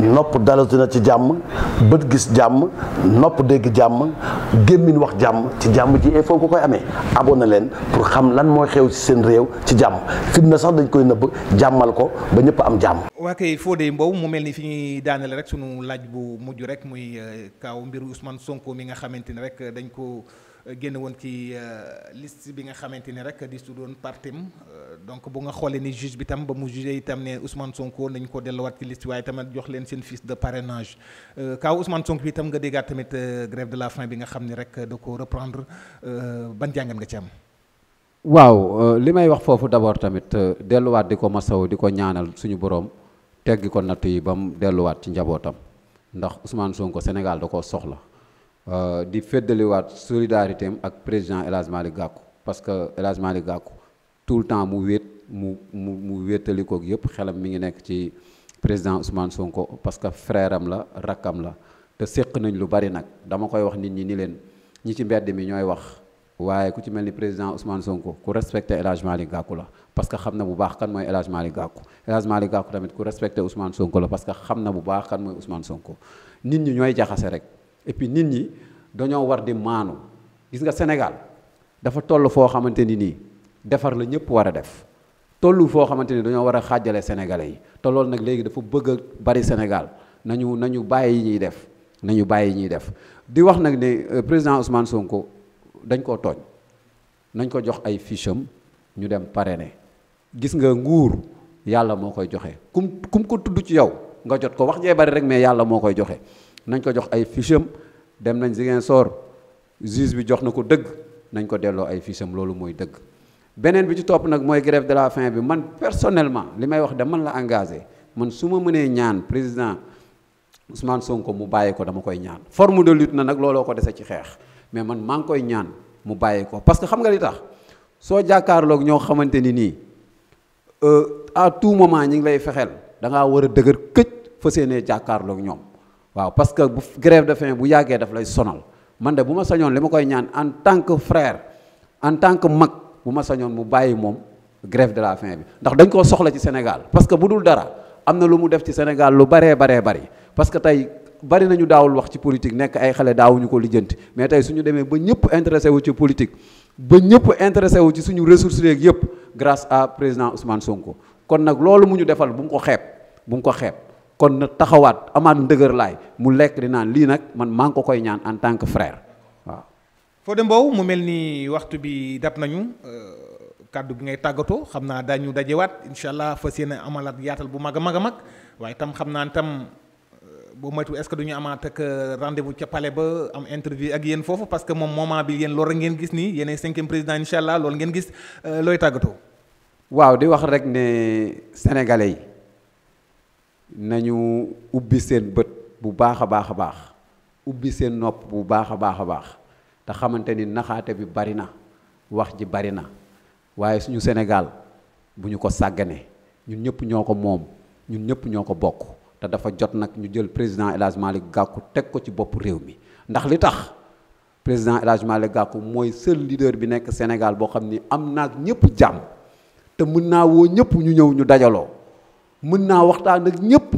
nopp dalatu na ci jàmm bët gis jàmm nopp dégg jàmm gémmiñ wax jàmm ci jàmm ji il faut nga koy amee abonné leen pour xam lan mooy xew ci seen réew ci jàmm fitna sax dañ koy nëbb jàmmal ko ba ñëpp am jàmm. waa foo dee Mbow mu mel ni fi ñuy daanale rek sunu laaj bu mujj rek muy euh, kaw mbiru Ousmane Sonko mi nga xamante ni rek dañ ko. génn woon ci euh, liste bi nga xamante ni rek di su doon partim euh, donc bu nga xoolee ni juge bi tam ba mu jugee itam ne Ousmane Sonko nañ ko delluwaat ci liste waaye tamit jox leen seen fiche de parrainage euh, kaw Ousmane Sonko bi tam nga déggaat tamit grève de la faim bi nga xam ni rek da ko reprendre ban jàngat nga ci am. waaw li may wax foofu d'abord tamit delluwaat di ko masaw di ko ñaanal suñu borom teggi ko natt yi ba mu delluwaat ci njabootam ndax Ousmane Sonko Sénégal da koo soxla. Euh, di féddaliwaat solidarité am ak président El Hadj Malick parce que El Hadj Malick tout le temps mu wéet mu mu mu wéetali koog yëpp xelam mi ngi nekk ci président Ousmane Sonko parce que frère am la rakkam la te séq nañ lu bari nag dama koy wax nit ñi ni leen ñi ci mbedd mi ñooy wax waaye ku ci mel ni président Ousmane Sonko ku respecté El Hadj Malick Gakou la parce que xam na bu baax kan mooy El Hadj Malick Gakou El Hadj tamit ku respecté Ousmane Sonko la parce que xam na bu baax kan mooy Ousmane Sonko nit ñi ñooy jaxase rek. et nit ñi dañoo war di maanu gis nga Sénégal dafa toll foo xamante ni nii defar la ñëpp war a def tollu foo xamante ni dañoo war a xaajale sénégalais yi te loolu nag léegi dafa bëgg a bari Sénégal nañu nañu bàyyi ñuy def nañu bàyyi ñuy def di wax nag ne euh, président Ousmane Sonko dañ koo tooñ nañ ko jox ay fiche ñu dem pare ne gis nga nguur yàlla moo koy joxe kum kum ko tudd ci yow nga jot ko wax jee bari rek mais yàlla moo koy joxe. nañ ko jox ay fiche dem nañ Ziguinchor juge bi jox na ko dëgg nañ ko delloo ay fiche loolu mooy dëgg beneen bi ci topp nag mooy grève de la faim bi man personnellement li may wax dem man la engagé man su ma mënee ñaan président Ousmane Sonko mu bàyyi ko dama koy ñaan forme de lutte na nag looloo ko dese ci xeex mais man maa ngi koy ñaan mu bàyyi ko parce que xam nga li tax soo jàkkaarlook ñoo xamante ni nii euh, à tout moment ñi ngi lay fexeel da ngaa war a dëgër këj fas yéenee jàkkaarloog ñoom waaw parce que bu grève de faim bu yàggee daf lay sonal man de bu ma sañoon li ma koy ñaan en tant que frère en tant que mag bu ma sañoon mu bàyyi moom grève de la fin bi ndax dañ koo soxla ci Sénégal parce que bu dul dara am na lu mu def ci Sénégal lu baree baree bari parce que tey bari nañu daawul wax ci politique nekk ay xale daawuñu ko lijjanti mais tey suñu demee ba ñëpp intéressé wu ci politique ba ñëpp intéressé wu ci suñu ressources yeeg yëpp grace à président Ousmane Sonko kon nag loolu mu ñu defal bu mu ko xeeb bu ko xeeb. kon na taxawaat amaat ndëgër laay mu lekk di naan lii nag man maa ngi ko koy ñaan en tant que frère waaw. Fodé Mbow mu mel ni waxtu bi dab nañu euh, kàddu bi ngay tàggatoo xam naa daañu waat incha allah fas yéene amalaat yaatal bu mag a mag a mag waaye tam xam naa tam euh, boo moytu est-ce que duñu amaat ak euh, rendez-vous ca pale ba am interview ak yéen foofu parce que moom moment bi yéen loolu ngeen gis nii yéenay cinquième président incha allah loolu ngeen gis looy tàggatoo. waaw di wax rek ne nañu ubbi seen bët bu baax a baax a baax ubbi seen nopp bu baax a baax a baax te xamante ni naxaate bi bari na wax ji bari na waaye suñu Sénégal bu ñu ko sàggane ñun ñëpp ñoo ko moom ñun ñëpp ñoo ko bokk te dafa jot nag ñu jël président El Hadj Malick teg ko ci bopp réew mi ndax li tax président El Hadj Malick mooy seul leader bi nekk Sénégal boo xam ni am naag ñëpp jàmm te mën naa woo ñëpp ñu ñëw ñu dajaloo mën naa waxtaan ak ñëpp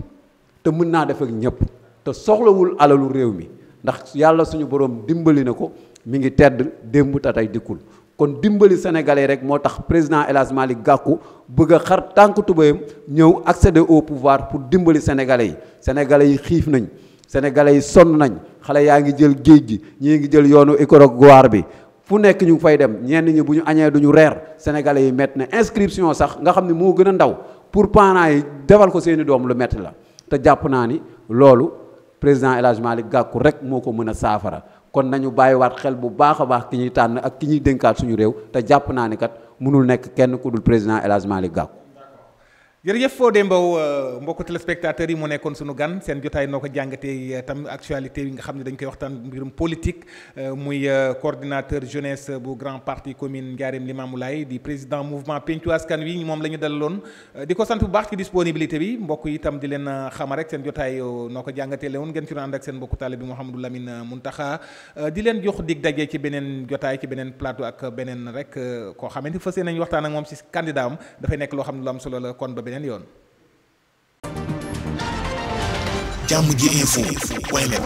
te mën naa def ak ñëpp te soxlawul alalu réew mi ndax yàlla suñu borom dimbali na ko mi ngi tedd démb te tey dikkul kon dimbali sénégalais rek moo tax président El Hadj Malick Gakou bëgg a xar tànk tubéyam ñëw accéder au pouvoir pour dimbali sénégalais yi sénégalais yi xiif nañ sénégalais yi sonn nañ xale yaa ngi jël géej gi ñii ngi jël yoonu Ecotra bi fu nekk ñu fay dem ñenn ñi bu ñu añee du ñu reer sénégalais yi métti na inscription sax nga xam ne moo gën a ndaw pour parent yi defal ko seeni doom lu metti la te jàpp naa ni loolu président El li gàkku Gakou rek moo ko mën a saafara kon nañu bàyyiwaat xel bu baax a baax ki ñuy tànn ak ki ñuy dénkaat suñu réew te jàpp naa ni kat mënul nekk kenn ku dul président El Hadj Malick jërëjëf Fodé Mbow euh, mbokku téléspectateurs yi mu nekkoon sunu gan seen jotaay noo ko jàngatee euh, tam actualité yi nga xam ne dañ koy waxtaan mbirum politique euh, muy coordinateur jeunesse bu grand parti commune Ndiarème Limamoulaye di président mouvement Penccu Askan Wi moom la ñu dalaloon di ko sant bu baax ci disponibilité bi mbokk yi itam di leen xama rek seen jotaay noo ko jàngatee lewoon ngeen ci ànd ak seen mbokku taalibe bi Mouhamadou Lamine Muntaxa di leen jox dig daje ci beneen jotaay ci beneen plateau ak beneen rek koo xamante fas yéene nañu waxtaan ak moom ci candidat am dafay nekk loo xam ne lu solo la kon beneen yoon. jàmm ji info waaye nag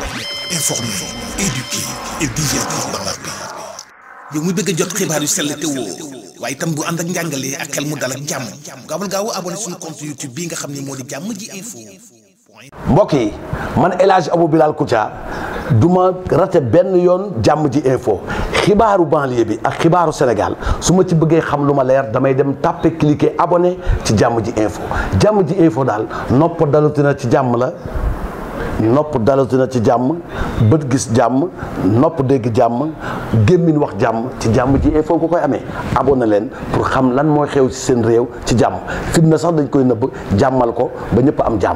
informer, éduquer et yow mi bëgg a jot xibaar yu sell te waaye itam bu ànd ak njàngalee ak xel mu dal ak jàmm gaawal gaaw abonné suñu compte YouTube bii nga xam ne moo di jàmm ji info. mbokk yi man El Hadj Abou Bilal Koutia rate benn yoon jàmm ji info xibaaru banlieue bi ak xibaaru Sénégal su ma ci bëggee xam lu ma leer damay dem tàppe cliquer abone ci jàmm ji info jàmm ji info daal nopp dalutina ci jàmm la nopp dalutina ci jàmm bët gis jàmm nopp dégg jàmm gémmiñ wax jàmm ci jàmm ji info nga koy amee abonné leen pour xam lan mooy xew ci seen réew ci jàmm fitna sax dañ koy nëbb jàmmal ko ba ñëpp am jàmm